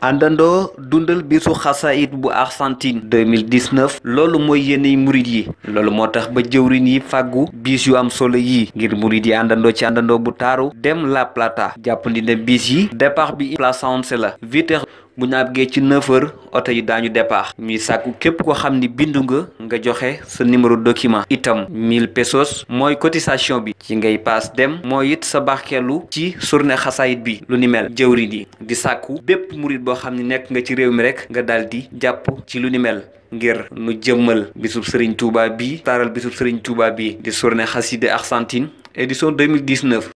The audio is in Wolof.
àndandoo dundal bisu xasa xasaayit bu Argentine 2019 loolu mooy yéeney murit yi loolu moo tax ba jëwrin yi fàggu bis yu am solo yii ngir murit yi àndandoo ci àndandoo bu taaru dem La Plata jàppandi ne biis yi départ bi Plaza Once la 8h bu ñu àggee ci 9h oto yi daañu départ ñuy sàkku képp koo xam ni bindu nga nga joxe sa numéro document itam mille pesos mooy cotisation bi ci ngay paas dem mooy it sa barkeelu ci journée xasaayit bi lu ni mel jëwriñ yi di sàkku bépp murit boo xam ne nekk nga ci réew mi rek nga daal di jàpp ci lu ni mel ngir nu jëmmal bisub Serigne Touba bi taaral bisub Serigne Touba bi di journée xasida Argentine édition 2019